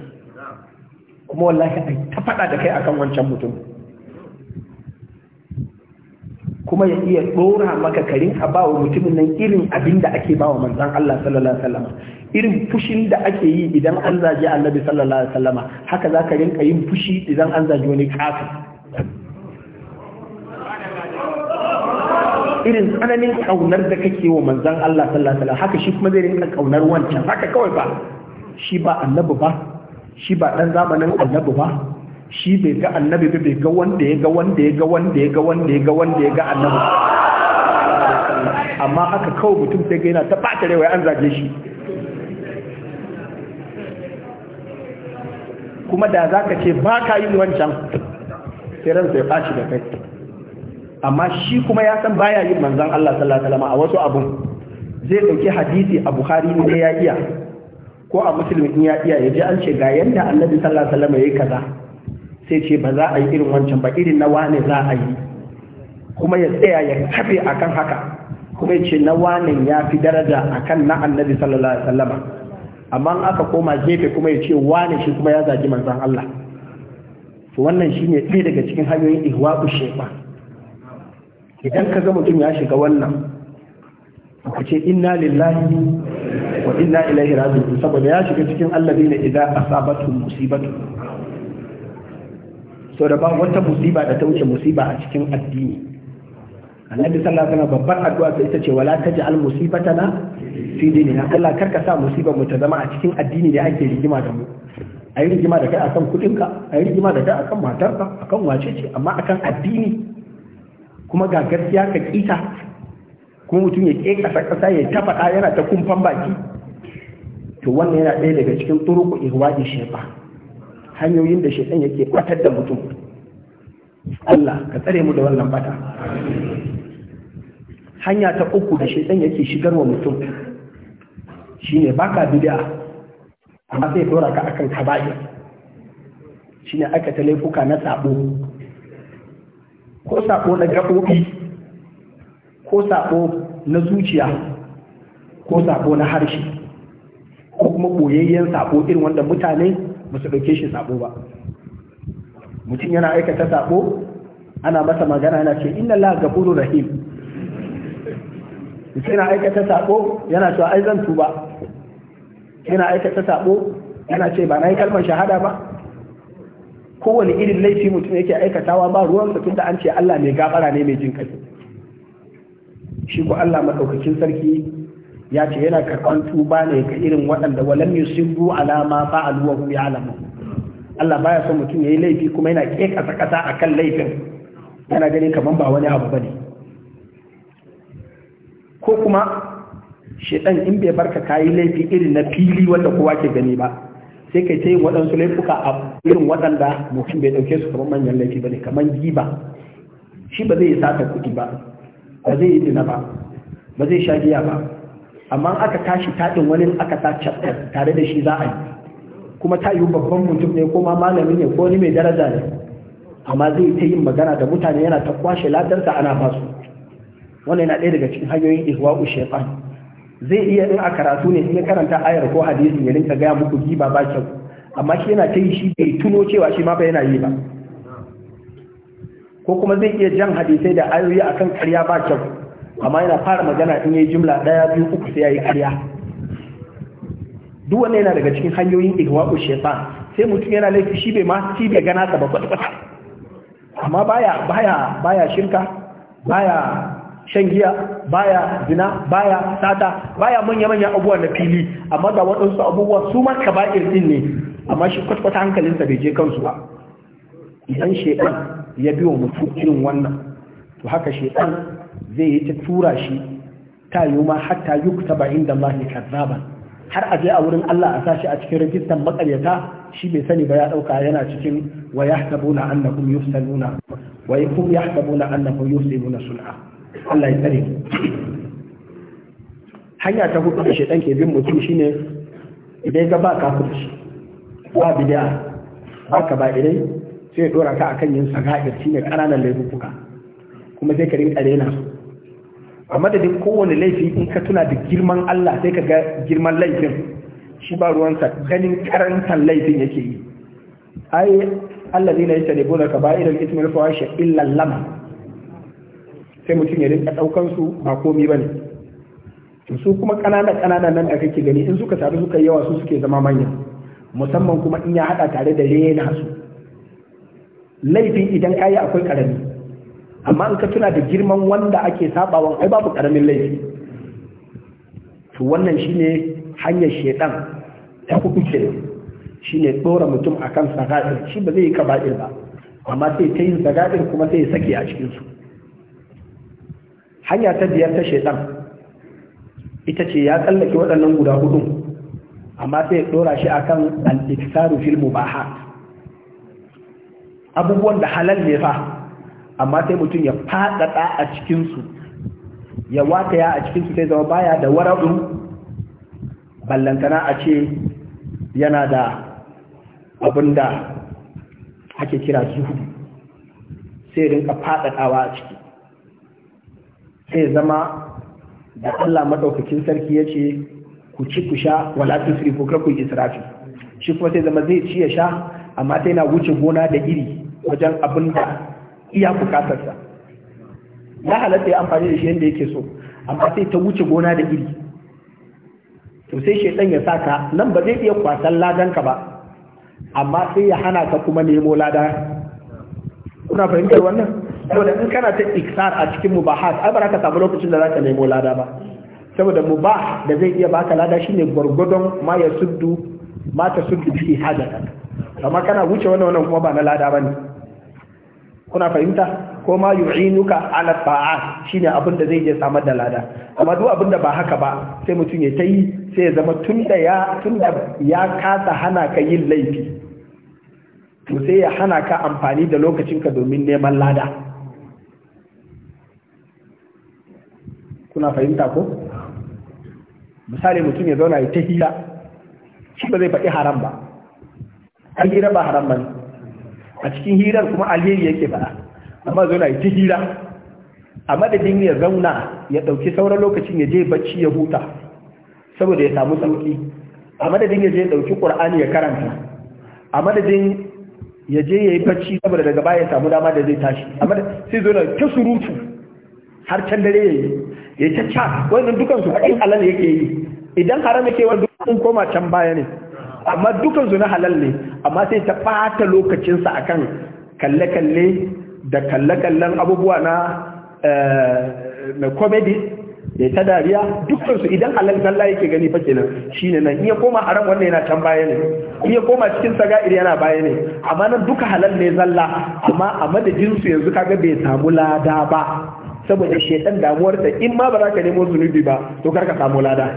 kuma wallahi ai ta faɗa da kai akan wancan mutum kuma ya iya ɗora maka karin a bawa mutumin nan irin abin da ake bawa manzan Allah sallallahu alaihi wasallam irin fushin da ake yi idan an zaje annabi sallallahu alaihi wasallam haka za ka rinka yin fushi idan an zaje wani kafin irin tsananin kaunar da kake wa manzan Allah sallallahu alaihi wasallam haka shi kuma zai rinka kaunar wancan haka kawai ba shi ba annabi ba shi ba dan zamanin annabi ba shi bai ga annabi ba bai ga wanda ya ga wanda ya ga wanda ya ga wanda ya ga wanda ya ga annabi amma aka kawo mutum sai ga yana ta bata rewa an zage shi kuma da za ka ce ba ka yi wancan sai ransa ya ɓaci da kai amma shi kuma ya san baya yin manzan Allah sallallahu alaihi wasallam a wasu abun zai dauki hadisi a Bukhari ne ya iya ko a Muslim in ya iya yaje an ce ga yanda Annabi sallallahu alaihi wasallam yayi kaza sai ce ba za a yi irin wancan ba irin na wane za a yi kuma ya tsaya ya kafe akan haka kuma ya ce na wane ya fi daraja akan na annabi sallallahu alaihi wasallama amma aka koma gefe kuma ya ce wane shi kuma ya zagi manzon Allah to wannan shine ɗaya daga cikin hanyoyin ku shaytan idan ka ga mutum ya shiga wannan ku ce inna lillahi wa inna ilaihi raji'un saboda ya shiga cikin alladina idza asabatu musibatu Sau da ba wata musiba da ta wuce musiba a cikin addini annabi sallallahu alaihi wasallam babbar addu'a sai ita ce wala taj'al musibatana fi dinina Allah karka sa musibar mu ta zama a cikin addini da ake rigima da mu a rigima da kai akan kudin a ayi rigima da kai akan matarka akan wace ce amma akan addini kuma ga gaskiya ka kita kuma mutum ya ke kasa kasa ya ta faɗa yana ta kumfan baki to wannan yana ɗaya daga cikin turuku ihwadi shefa hanyoyin da shaitan yake kwatar da mutum Allah ka tsare mu da wannan bata hanya ta uku da shaitan yake shigarwa mutum shine baka bid'a amma sai dora ka akan kaba'ir shine aka ta laifuka na sabo ko sabo na gabobi ko sabo na zuciya ko sabo na harshe ko kuma boyayyen sabo irin wanda mutane ba su ɗauke shi sabo ba mutum yana aikata sabo ana masa magana yana ce inna la gafurur rahim mutum yana aikata sabo yana cewa ai zan tuba yana aikata sabo yana ce ba na yi kalmar shahada ba kowane irin laifi mutum yake aikatawa ba ruwan sa tunda an ce Allah mai gafara ne mai jin kai shi ko Allah madaukakin sarki ya ce yana karɓan tuba ne ga irin waɗanda walam alama ala alama fa'alu wa ya alamu Allah baya son mutum ya yi laifi kuma yana kekasa kasa akan laifin yana gani kaman ba wani abu bane ko kuma shedan in bai barka kayi laifi irin na fili wanda kowa ke gani ba sai kai ta waɗansu laifuka a irin waɗanda mutum bai ɗauke su kamar manyan laifi bane kaman giba shi ba zai sata kuɗi ba ba zai yi dina ba ba zai sha giya ba amma aka tashi taɗin wani aka sa tare da shi za a yi kuma ta yi babban mutum ne ko ma malami ne ko ni mai daraja ne amma zai ta yin magana da mutane yana ta kwashe ladarsa ana basu wannan yana ɗaya daga cikin hanyoyin ihwa'u shaytan zai iya in a karatu ne in ya karanta ayar ko hadisi ya rinka gaya muku giba ba kyau amma shi yana ta yi shi bai tuno cewa shi ma fa yana yi ba ko kuma zai iya jan hadisai da ayoyi akan karya ba kyau amma yana fara magana in yi jimla daya biyu uku sai ya yi karya duk wannan yana daga cikin hanyoyin ko shaitan sai mutum yana laifi shi bai ma shi bai gana sa ba amma baya baya baya shirka baya shan giya baya zina baya sata baya manya-manya abubuwa na fili amma ga waɗansu abubuwa su ma kaba'ir din ne amma shi kwatkwata hankalinsa bai je kansu ba idan shekan ya biyo mutum irin wannan to haka shekan zai yi ta tura shi ta yi ma hatta yuktaba inda Allah kazzaban har a je a wurin Allah a sashi a cikin rajistan makaryata shi bai sani ba ya dauka yana cikin wa yahtabuna annakum yuftanuna wa yakum yahtabuna annakum yusibuna sun'a Allah ya tsare hanya ta hudu da shedan ke bin mutum shine idan ga ba kafirci ba bid'a ba ka ba idan sai ya dora ka akan yin sagair shine ƙananan laifuka kuma sai ka rinka rena su a madadin kowane laifi in ka tuna da girman Allah sai ka ga girman laifin shi ba ruwansa ganin karantar laifin yake yi ai Allah zai na yi talibu da kaba'ir ismir fawashi illan lama. sai mutum ya rinka daukan su ba komi ba ne. su kuma ƙanana ƙanana nan da kake gani in suka taru suka yawa su suke zama manya musamman kuma in ya haɗa tare da rena su laifin idan kayi akwai karami amma in ka tuna da girman wanda ake sabawan ai babu karamin laifi to wannan shine hanyar shedan ta kuku ce shine dora mutum akan sagadir shi ba zai yi kaba'ir ba amma sai ta yin sagadir kuma sai ya sake a cikin su hanya ta biyar ta shedan ita ce ya tsallake waɗannan guda hudu amma sai ya dora shi akan al-iktaru fil mubahat abubuwan da halal ne fa amma sai mutum ya faɗaɗa a cikinsu ya wataya a cikinsu sai zama baya da wara'u ballantana a ce yana da abin da ake kira su, sai rinka fadadawa a ciki sai zama da Allah maɗaukakin sarki ya ce ku ci ku sha wala tusri ko ku israfi shi kuma sai zama zai ci ya sha amma sai na wuce gona da iri wajen abin da iya bukatarsa ya halatta ya amfani da shi yadda yake so amma sai ta wuce gona da iri to sai shaidan ya ka, nan ba zai iya kwasan ladanka ba amma sai ya hana ka kuma nemo lada kuna fahimtar wannan da in kana ta iksar a cikin mubahat ai ba ka samu lokacin da za ka nemo lada ba saboda mubah da zai iya baka lada shine gwargwadon ma ya suddu ma ta suddu bi amma kana wuce wannan wannan kuma ba na lada bane kuna fahimta ko ma yu'inuka ala ta'a shine abin da zai je samar da lada amma duk abin da ba haka ba sai mutum ya tayi sai ya zama da ya da ya kasa hana ka yin laifi to sai ya hana ka amfani da lokacinka domin neman lada kuna fahimta ko misali mutum ya zauna ya ta hira shi ba zai faɗi haram ba har hira ba haram ba ne a cikin hirar kuma Aliyu yake ba amma zo na yi ta hira a madadin ya zauna ya ɗauki sauran lokacin ya je bacci ya huta saboda ya samu sauki a madadin ya je ɗauki ƙur'ani ya karanta a madadin ya je ya yi bacci saboda daga baya ya samu dama da zai tashi amma sai zo na ta surutu har can dare ya yi ya cacca wannan dukansu haƙin alal yake yi idan haram yake duk koma can baya ne amma dukan zuna na halal ne amma sai ta ɓata lokacinsa akan kalle-kalle da kalle-kallen abubuwa na eh, na comedy da ta dariya dukkan su idan halal zalla yake gani fa kenan shine nan iya koma haram wannan yana can baya ne iya koma cikin iri yana baya ne amma nan duka halal ne zalla amma a madadin su yanzu kaga bai samu lada ba saboda shedan damuwar ta in ma ba za ka nemo zunubi ba to kar ka samu lada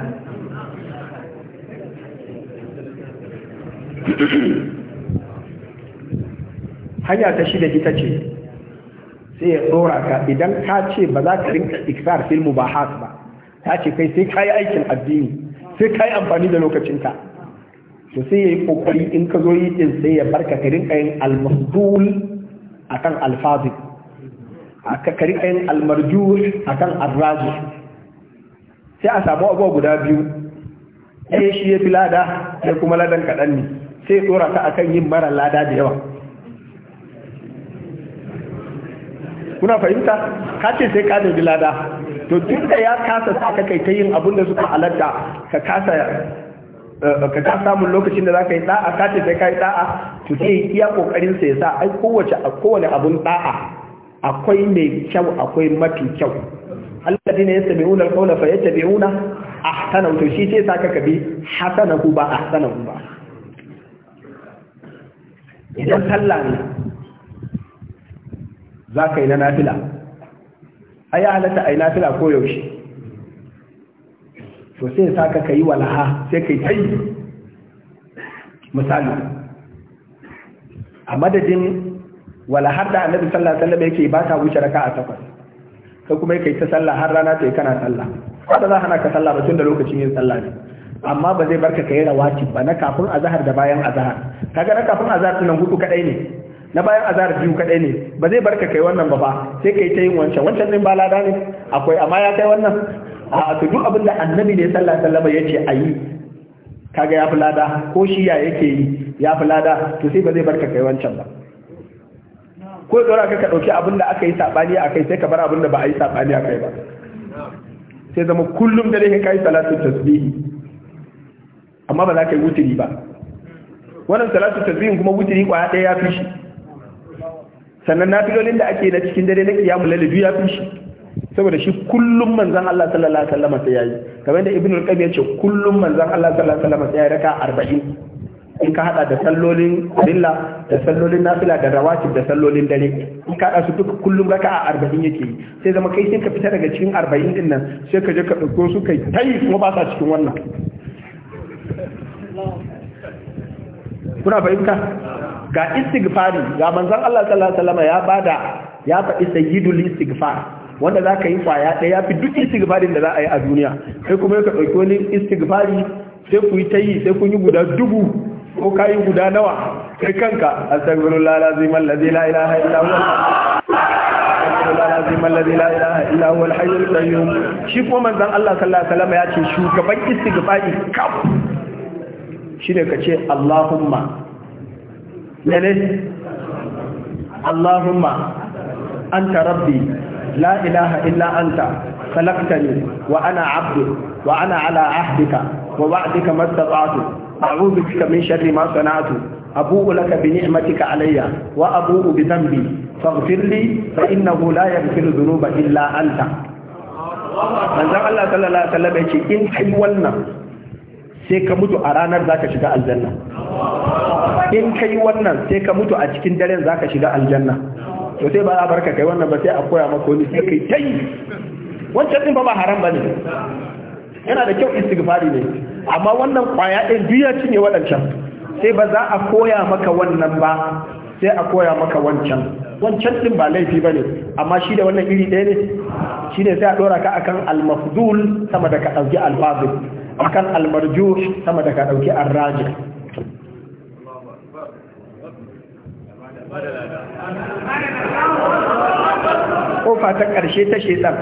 hanya ta shida ita ce sai ya tsora ka idan ka ce ba za ka rinka ikrar fil mubahat ba ta ce kai sai ka aikin addini sai ka amfani da lokacinka to sai ya yi kokari in ka zo yi din sai ya barka ka rinka yin almasdul akan alfazi aka ka rinka yin almarjuh akan arraji sai a samu abuwa guda biyu ɗaya shi ya fi lada sai kuma ladan kaɗan ne sai tsora ta akan yin mara lada da yawa kuna fahimta ka sai ka nemi lada to duk da ya kasa sa ka kai ta yin abin da suka halatta ka kasa eh, ka ta samun lokacin da za ka yi da'a ka ce sai ka yi da'a to sai iya kokarin sa ya sa ai kowace a kowane abun da'a akwai mai kyau akwai mafi kyau alladina yastami'una al-qawla fayattabi'una ahsanahu to shi sai saka kabi hasanahu ba ahsanahu ba idan sallah ne za ka yi na nafila a yi halatta a yi nafila ko yaushe to sai sa ka yi walaha sai ka yi yi misali a madadin walahar da annabi sallah, sallah mai yake ba ta wuce raka a takwas ka kuma yi ta sallah har rana ta yi kana sallah wanda za hana ka sallah ba tun da lokacin yin sallah ne amma ba zai barka ka yi rawatib ba na kafin azahar da bayan azahar kaga na kafin azahar sunan hudu kadai ne na bayan azahar biyu kadai ne ba zai barka kai wannan ba ba sai kai ta yin wancan wancan din ba lada ne akwai amma ya kai wannan a to duk abin da annabi ne sallallahu alaihi wasallam yace ayi kaga ya fi lada ko shi ya yake yi ya fi lada to sai ba zai barka kai wancan ba ko dora aka ka dauki abin da aka yi sabani akai sai ka bar abin da ba a yi sabani akai ba sai zama kullum da dai kai salatu tasbihi amma ba za ka yi wuturi ba wannan salatu tasbihin kuma wuturi kwaya ɗaya ya fi shi sannan filolin da ake na cikin dare na kiyamul layl ya fi shi saboda shi kullum manzon Allah sallallahu alaihi wasallam sai yayi kamar da ibnu al-qayyim ya ce kullum manzon Allah sallallahu alaihi wasallam sai yayi raka 40 in ka hada da sallolin rilla da sallolin nafila da rawatib da sallolin dare in ka hada su duka kullum raka a arba'in yake yi sai zama kai sai ka fita daga cikin arba'in din nan sai ka je ka dauko su kai tai kuma ba sa cikin wannan kuna fahimta ga istighfari ga manzon Allah sallallahu alaihi wasallam ya bada ya faɗi sayyidul istighfar wanda za ka yi kwaya ɗaya ya fi duk istighfarin da za a yi a duniya sai kuma ka dauki wani istighfari sai ku yi ta yi sai kun yi guda dubu ko ka yi guda nawa kai kanka astaghfirullah lazim alladhi la ilaha illa huwa astaghfirullah lazim allazi la ilaha illa huwa alhayyul qayyum shi kuma manzon Allah sallallahu alaihi wasallam ya ce shugaban istighfari kaf shine ka ce Allahumma lele Allahumma anta rabbi la ilaha illa anta khalaqtani wa ana 'abdu wa ana 'ala 'ahdika wa wa'dika mastata'tu a'udhu bika min sharri ma sana'tu abu'u laka bi ni'matika alayya wa abu'u bi dhanbi faghfir li fa innahu la yaghfiru dhunuba illa anta manzon Allah sallallahu alaihi wasallam ya in kai wannan sai ka mutu a ranar za ka shiga aljanna in ka yi wannan sai ka mutu a cikin daren za ka shiga aljanna to sai ba a barka kai wannan ba sai a koya maka wani sai kai ta yi wancan din ba ba haram ba ne yana da kyau istighfari ne amma wannan kwaya ɗin duk ya cinye waɗancan sai ba za a koya maka wannan ba sai a koya maka wancan wancan din ba laifi ba ne amma shi da wannan iri ɗaya ne shi ne sai a ɗora ka akan almafdul sama da ka ɗauki alfazil akan almarju sama da ka dauki arraji kofa ta ƙarshe ta shedan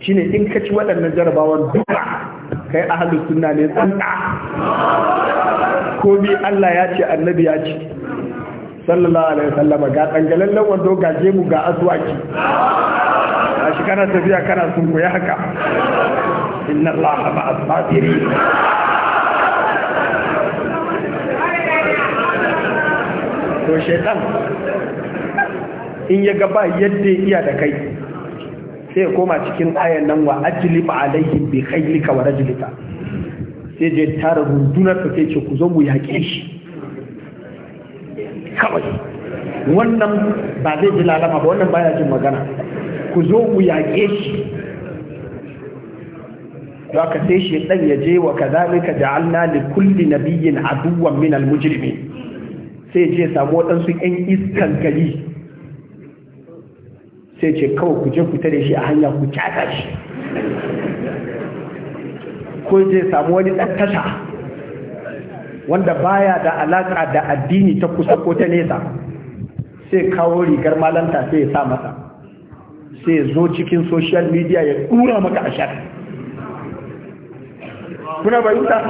shine in ka ci waɗannan jarabawan duka kai ahalu sunna ne tsanta ko bi Allah ya ce annabi ya ce sallallahu alaihi sallama. ga dangalallen wando ga jemu ga aswaki a shi kana tafiya kana sunkuya haka inna الله مع sabirin to shaitan in ya gaba yadda iya da kai sai koma cikin ayan nan wa ajlib alaihim bi khaylika wa rajlika sai je tara rundunar ta sai ce ku zo mu yaƙe shi kawai wannan ba zai ji lalama ba wannan baya jin magana ku zo mu yaƙe shi za ka sai shi ɗan ya je wa kazalika ja'alna li kulli nabiyyin aduwwan min al sai je samu waɗansu ƴan iskan gari sai ce kawai ku je ku tare shi a hanya ku kyata shi ko je samu wani ɗan tasha wanda baya da alaƙa da addini ta kusa ko ta nesa sai kawo rigar malanta sai ya sa masa sai zo cikin social media ya ɗura maka a shari'a kuna bayuta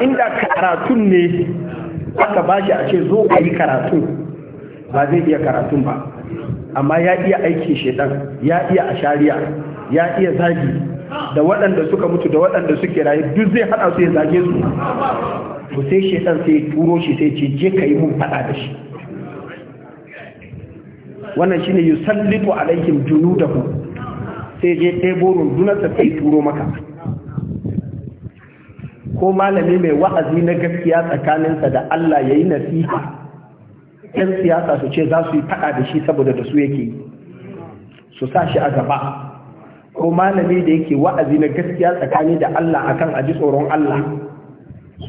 inda karatun ne aka ba shi a ce zo ka yi karatun ba zai iya karatun ba amma ya iya aikin shedan ya iya ashariya ya iya zagi da waɗanda suka mutu da waɗanda suke rayu duk zai haɗa su ya zage su to sai shedan sai turo shi sai ce je ka yi mun faɗa da shi wannan shine yusallitu da junudahu sai je ɗebo rundunarsa sai turo maka ko malami mai wa'azi na gaskiya tsakaninsa da Allah ya yi nasiha ‘yan siyasa su ce za su yi faɗa da shi saboda da su yake su sa shi a gaba ko malami da yake wa'azi na gaskiya tsakani da Allah akan aji tsoron Allah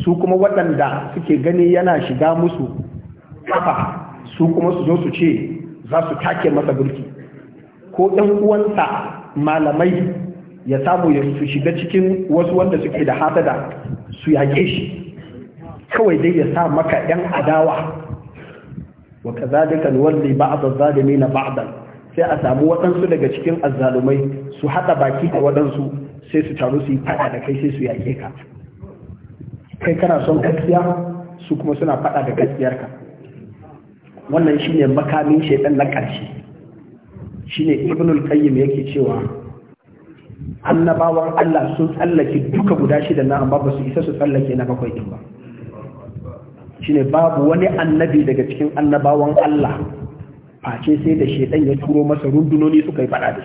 su kuma waɗanda suke gani yana shiga musu kafa su kuma su zo su ce za su take masa burki ko 'yan uwansa malamai ya samu ya su shiga cikin wasu wanda suke da hasada su yaƙe shi kawai dai ya sa maka ‘yan adawa wa ka zalikan ba ba'adar zalimi na ba'adar sai a samu waɗansu daga cikin azzalumai su haɗa baki da waɗansu sai su taru su yi faɗa da kai sai su yaƙe ka kai kana son gaskiya su kuma suna faɗa da gaskiyarka wannan shine makamin shaidan na ƙarshe shine ibnul qayyim yake cewa annabawan Allah sun tsallake duka guda shida na amma ba su isa su tsallake na bakwai din ba ne babu wani annabi daga cikin annabawan Allah face sai da shaidan ya turo masa rundunoni suka yi fada da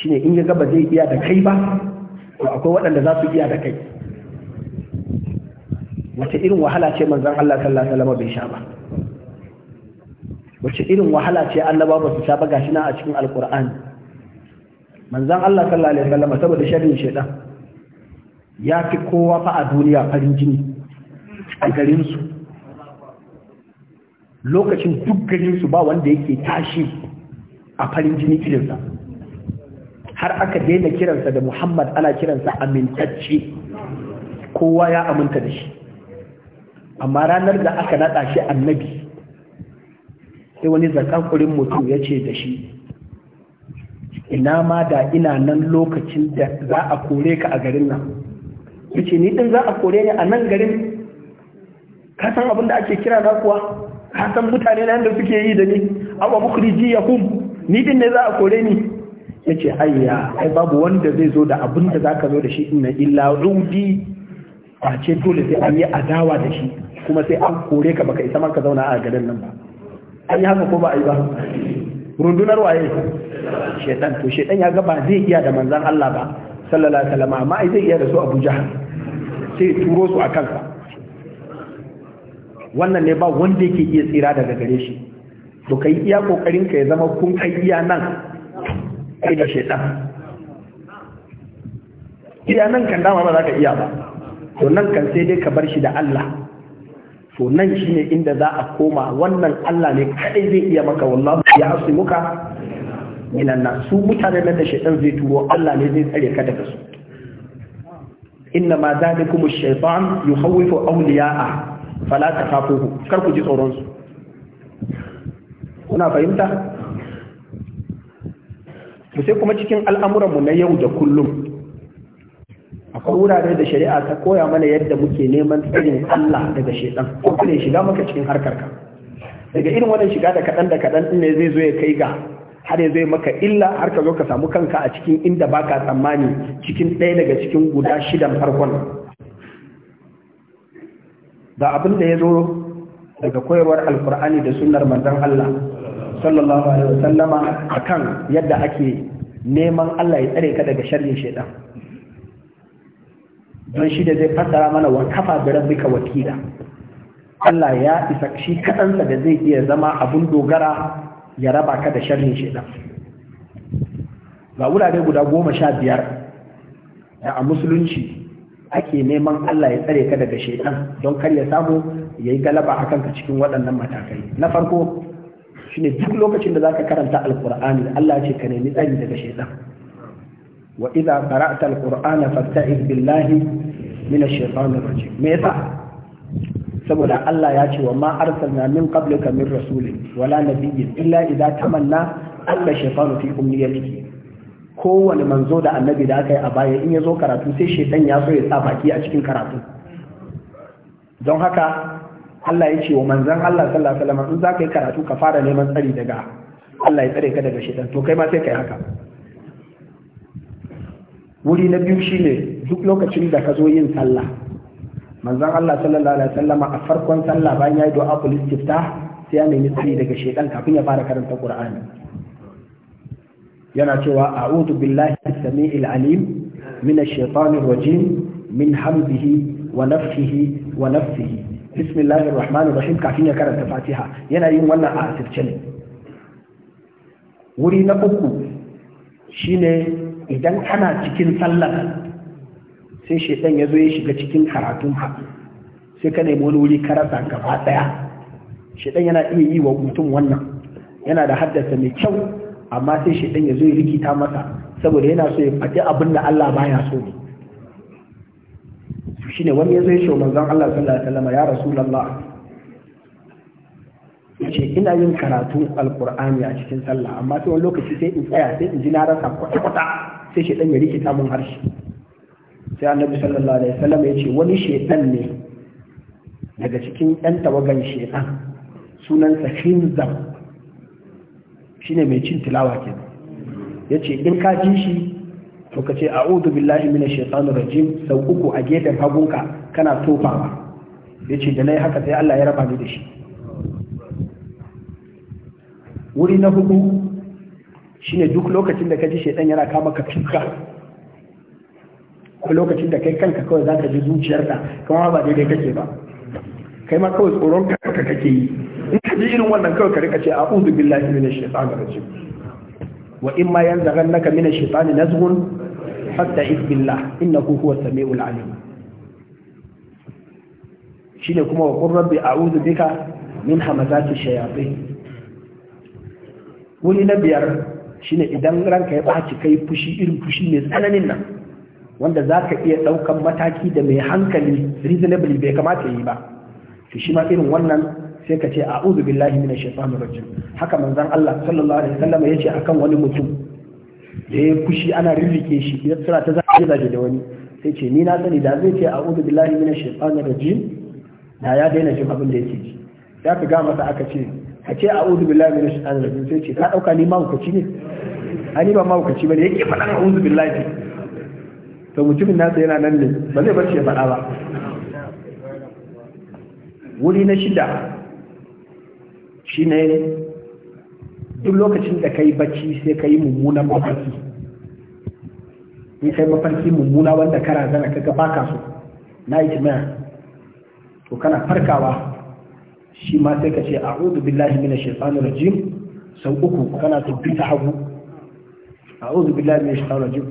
shi ne in ya gaba zai iya da kai ba to akwai waɗanda za su iya da kai wace irin wahala ce manzon Allah sallallahu alaihi wasallam bai sha ba wace irin wahala ce annabawa ba su sha ba gashi na a cikin alkur'ani manzan Allah sallallahu alaihi wasallam saboda sharrin shaidan ya fi kowa fa a duniya farin jini a garin su lokacin duk garin su ba wanda yake tashi a farin jini irinsa har aka daina kiransa da Muhammad ana kiransa amintacce kowa ya aminta da shi amma ranar da aka nada shi annabi sai wani zakakurin mutum ya ce da shi ina ma da ina nan lokacin da za a kore ka a garin nan yace ni din za a kore ni a nan garin ka san abin da ake kira na kuwa ka san mutane na yadda suke yi da ni awa mukhriji yahum ni din ne za a kore ni yace ayya ai babu wanda zai zo da abin da zaka zo da shi ina illa rudi a ce dole sai an yi adawa da shi kuma sai an kore ka baka isa ma ka zauna a garin nan ba an haka ko ba a ba rundunar waye shaitan to shaitan ya ga ba zai iya da manzan Allah ba sallallahu alaihi wasallam amma zai iya da su Abu Jahl sai turo su a sa wannan ne ba wanda yake iya tsira daga gare shi to kai iya kokarin ka ya zama kun kai iya nan kai da shaitan iya nan kan dama ba za ka iya ba to nan kan sai dai ka bar shi da Allah to nan shine inda za a koma wannan Allah ne kadai zai iya maka wallahu ya asu muka minan su mutane da shaytan zai turo Allah ne zai tsare ka daga su inna ma zalikum ash-shaytan yukhawwifu awliya'a fala takhafuhu kar ku ji tsoron su kuna fahimta to sai kuma cikin al'amuran mu na yau da kullum akwai wurare da shari'a ta koya mana yadda muke neman tsarin Allah daga shaitan ko kuma shiga maka cikin harkar ka daga irin wannan shiga da kadan da kadan din ne zai zo ya kai ga har ya zo maka illa har ka zo ka samu kanka a cikin inda baka tsammani cikin ɗaya daga cikin guda shidan farkon da abin da ya zo daga koyarwar alkur'ani da sunnar manzon Allah sallallahu alaihi wasallama akan yadda ake neman Allah ya tsare ka daga sharrin shaitan don shi da zai fassara mana wa kafa da rabbika wakila Allah ya isa shi kaɗansa da zai iya zama abun dogara ya raba ka da sharrin shaidan ga wurare guda goma sha biyar da a musulunci ake neman Allah ya tsare ka daga shaitan don kar ya samu yayi galaba a kanka cikin waɗannan matakai na farko shine duk lokacin da zaka karanta alkur'ani Allah ya ce ka nemi tsari daga shaitan wa idza qara'ta alqur'ana fasta'iz billahi min ash-shaytanir rajim me saboda Allah ya ce wa ma arsalna min qablika min rasulin wala nabiyyin illa idza tamanna alla shaytanu fi umniyatihi kowane manzo da annabi da aka yi a baya in ya zo karatu sai shaitan ya so ya sa baki a cikin karatu don haka Allah ya ce wa manzan Allah sallallahu alaihi wasallam in zaka yi karatu ka fara neman tsari daga Allah ya tsare ka daga shaitan to kai ma sai kai haka wuri na biyu shine duk lokacin da ka zo yin sallah manzon Allah sallallahu alaihi wasallama a farkon sallah bayan yayi du'a ul istiftah sai ya nemi tsari daga shaiɗan kafin ya fara karanta Qur'ani yana cewa a'udhu billahi as-sami'il alim minash shaitanir rajim min hamdihi wa nafthihi wa nafthihi bismillahir rahmanir rahim kafin ya karanta Fatiha yana yin wannan a asirce ne wuri na uku shine idan kana cikin sallar sai shaitan ya zo ya shiga cikin karatun ka sai ka nemi wani wuri ka rasa gaba daya shaitan yana iya yi wa mutum wannan yana da haddasa mai kyau amma sai shaitan ya zo ya rikita masa saboda yana so ya faɗi abin da Allah baya so ne shine wani ya zo ya shi manzon Allah sallallahu alaihi wasallam ya rasulullah ce ina yin karatu alkur'ani a cikin sallah amma sai wani lokaci sai in tsaya sai in ji na rasa kwata-kwata sai shaidan ya rikita mun harshe sai annabi sallallahu alaihi wasallam ya ce wani shaidan ne daga cikin yan tawagan sunan sunansa hinzam shine mai cin tilawa kenan yace in ka ji shi to ka ce a'udhu billahi minash shaitanir rajim sau uku a gefen hagunka kana tofawa yace da nayi haka sai Allah ya raba ni da shi wuri na hudu shine duk lokacin da ka ji shaidan yana kama ka tuka ko lokacin da kai kanka kawai za ka ji zuciyarka kuma ba daidai kake ba kai ma kawai tsoron ka kake yi in ka ji irin wannan kawai ka rika ce a'udhu billahi minash shaitanir rajim wa in ma yanzaghannaka minash shaitani nazghun fasta'id billah innahu huwas samiul alim shine kuma wa qur rabbi a'udhu bika min hamazati shayatin wuri na biyar shine idan ranka ya ɓaci kai fushi irin fushi mai tsananin nan wanda za ka iya ɗaukan mataki da mai hankali reasonably bai kamata yi ba to shi ma irin wannan sai ka ce a'udhu billahi minash shaitanir rajim haka manzon Allah sallallahu alaihi wasallam yace akan wani mutum da ya fushi ana rirrike shi ya ta zage zage da wani sai ce ni na sani da zai ce a'udhu billahi minash shaitanir rajim da ya daina jin abin da yake ji ya ka ga masa aka ce a ce a'udhu billahi minash shaitanir rajim sai ce ka dauka ni mahaukaci ne ani ba mahaukaci bane yake faɗa a'udhu billahi to mutumin nasa yana nan ne ba zai bar shi ya faɗa ba wuri na shida shine duk lokacin da kai bacci sai kai mummunan mafarki in kai mafarki mummuna wanda kara zana kaga baka so na yi to kana farkawa shi ma sai ka ce a'udhu billahi minash shaitanir rajim sau uku kana ta hagu A a'udhu billahi minash shaitanir rajim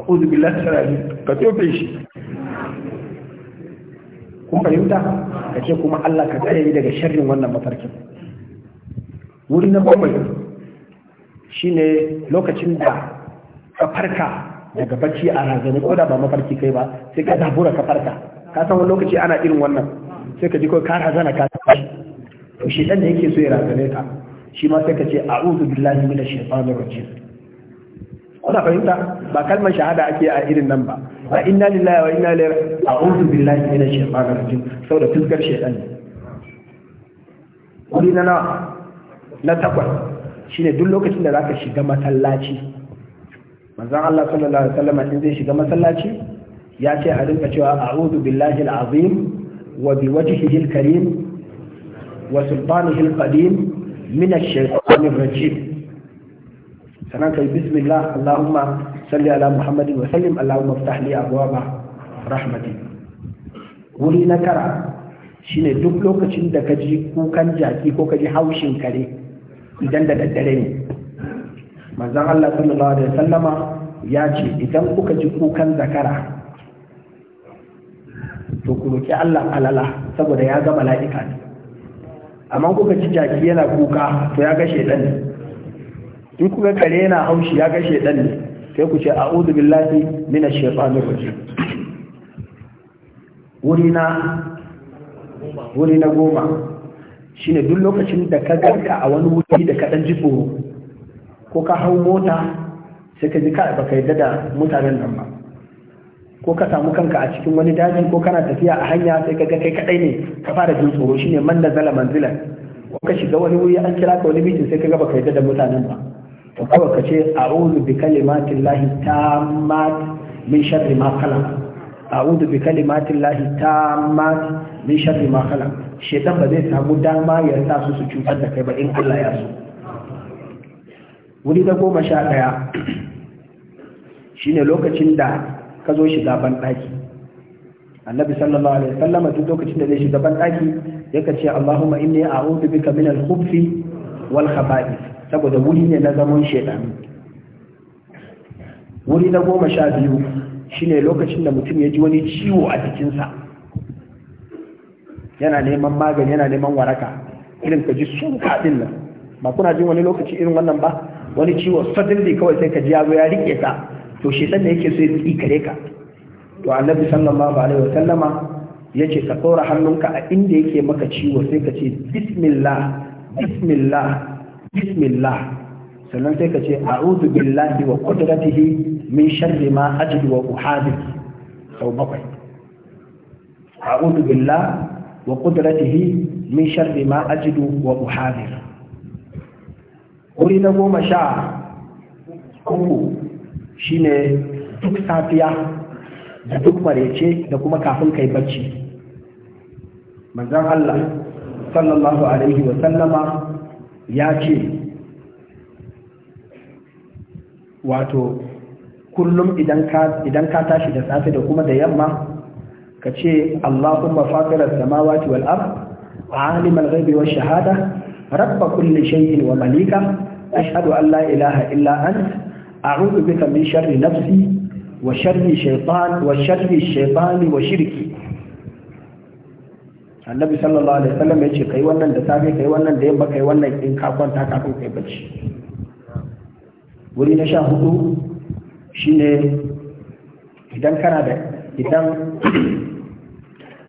a'udhu billahi minash shaitanir rajim ka tofe shi kun fahimta ka ce kuma Allah ka tsaye ni daga sharrin wannan mafarkin wuri na shi shine lokacin da ka farka daga bacci a razani ko da ba mafarki kai ba sai ka zabura ka farka ka san wani lokaci ana irin wannan sai ka ji kawai ka razana ka to shi dan da yake so ya razane ka shi ma sai ka ce a'udhu billahi minash shaitanir rajim kuna fahimta ba kalmar shahada ake a irin nan ba wa inna lillahi wa inna ilaihi a'udhu billahi minash shaitanir rajim saboda fuskar shaitan wuri na na na takwas shine duk lokacin da zaka shiga masallaci manzon Allah sallallahu alaihi wasallam in zai shiga masallaci ya ce a rinka cewa a'udhu billahi al-azim wa bi wajhihi al-karim وسلطانه القديم من الشيطان الرجيم سنانك بسم الله اللهم صل على محمد وسلم اللهم افتح لي أبواب رحمتي wuri نكرا shine duk lokacin da kaji kukan jaki ko kaji haushin kare idan da daddare ne manzon Allah sallallahu alaihi wasallama ya ce idan kuka ji kukan zakara to ku roki Allah alala saboda ya ga mala'ika ne amma kuka ci jaki yana kuka to ya ga shedan ne in kuka kare yana haushi ya ga shedan ne sai ku ce a'udhu billahi minash shaitanir rajim wuri wuri na goma shine duk lokacin da ka garka a wani wuri da ka dan ji tsoro ko ka hau mota sai ka ji ka baka yadda da mutanen nan ba ko ka samu kanka a cikin wani daji ko kana tafiya a hanya sai ka ga kai kadai ne ka fara jin tsoro shine man da zala manzila ko ka shiga wani wuri an kira ka wani mitin sai ka ga baka yadda da mutanen ba to kawai ka ce a'udhu bi kalimatin lahi tammat min sharri ma khalaq a'udhu bi kalimatin lahi tammat min sharri ma khalaq shedan ba zai samu dama ya sa su su cutar da kai ba in Allah ya so wuri da goma sha ɗaya shine lokacin da ka zo shiga ban ɗaki annabi sallallahu alaihi wasallam duk lokacin da zai shiga ban ɗaki yaka ce allahumma inni a'udhu bika min al-khubthi wal khaba'ith saboda wuri ne na zaman shedanu wuri na goma sha biyu shine lokacin da mutum ya ji wani ciwo a jikinsa yana neman magani yana neman waraka irin ka ji sun kaɗin nan ba kuna jin wani lokaci irin wannan ba wani ciwo suddenly kawai sai ka ji yaro ya riƙe ka to shaitan ne yake so ya tsikare ka to annabi sallallahu alaihi wa sallama yace ka tsora hannunka a inda yake maka ciwo sai ka ce bismillah bismillah bismillah sannan sai ka ce a'udhu billahi wa qudratihi min sharri ma ajidu wa uhadith sau bakwai a'udhu billahi wa qudratihi min sharri ma ajidu wa uhadith wuri na goma sha uku shine duk safiya da duk marece da kuma kafin kai bacci manzan Allah sallallahu alaihi wa sallama ya ce wato kullum idan ka tashi da safe da kuma da yamma ka ce Allahumma fatirar samawati wal ard عالم shahada rabba رب كل wa Malika? أشهد أن Allah ilaha illa an. a'udhu bika min sharri nafsi wa sharri shaytan wa sharri shaytani wa shirki annabi sallallahu alaihi wasallam ya ce kai wannan da safe kai wannan da yamma kai wannan in ka kwanta ka kai bacci wuri na sha hudu shine idan kana da idan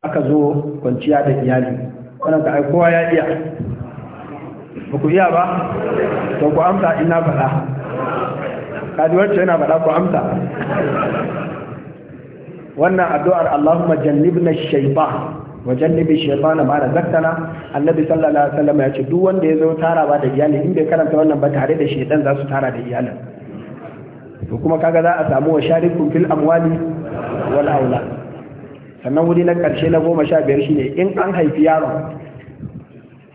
aka zo kwanciya da iyali wannan ka kowa ya iya ba ku iya ba to ku amsa ina faɗa kaji yana faɗa ku amsa wannan addu'ar Allahumma na Shaifa. wa jannibi shaytana ma Zakkana. annabi sallallahu alaihi wasallam ya ce duk wanda ya zo tara ba da iyali in bai karanta wannan ba tare da shaytan za su tara da iyali. to kuma kaga za a samu wa sharikum fil amwali wal aulad sannan wuri na karshe na goma sha biyar shine in an haifi yaron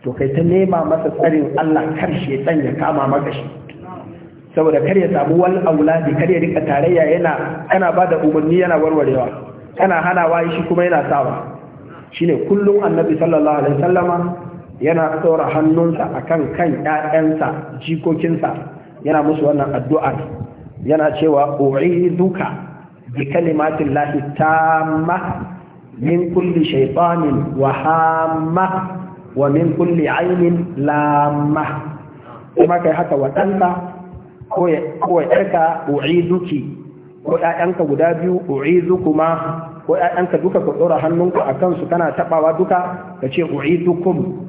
to kai ta nema masa tsarin Allah kar shaytan ya kama maka shi saboda kar ya samu wal auladi kar ya rika tarayya yana kana ba da umarni yana warwarewa kana hanawa shi kuma yana sawa shine kullum annabi sallallahu alaihi wasallama yana tsora hannunsa akan kan ƴaƴansa jikokinsa yana musu wannan addu'ar yana cewa u'iduka bi kalimatin lahi tamma min kulli shaytanin wa hamma wa min kulli ainin lamma kuma kai haka waɗanda. ko yarka u'izuki ko ƴaƴanka guda biyu u'izukuma ko ‘ya'yanka duka ka ɗora hannunku a kansu kana taɓawa duka ka ce u'idukum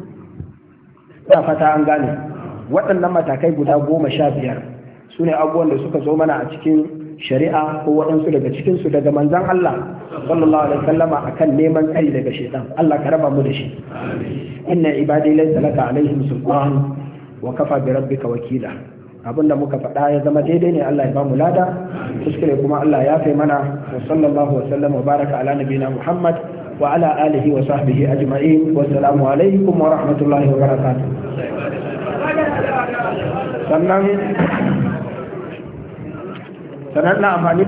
ta fata an gane waɗannan matakai guda goma sha biyar su ne abubuwan da suka zo mana a cikin shari'a ko waɗansu daga cikinsu daga manzan Allah sallallahu alaihi wasallama akan neman tsari daga shaitan Allah ka raba mu da shi inna ibadi laysa laka alaihim sultan wa kafa bi rabbika wakila abinda muka faɗa ya zama daidai ne Allah ya ba mu lada kuskure kuma Allah ya fai mana wa sallallahu wa sallam wa baraka ala nabina Muhammad wa ala alihi wa sahbihi ajma'in wa assalamu alaikum wa rahmatullahi wa barakatuh sannan sannan na amfani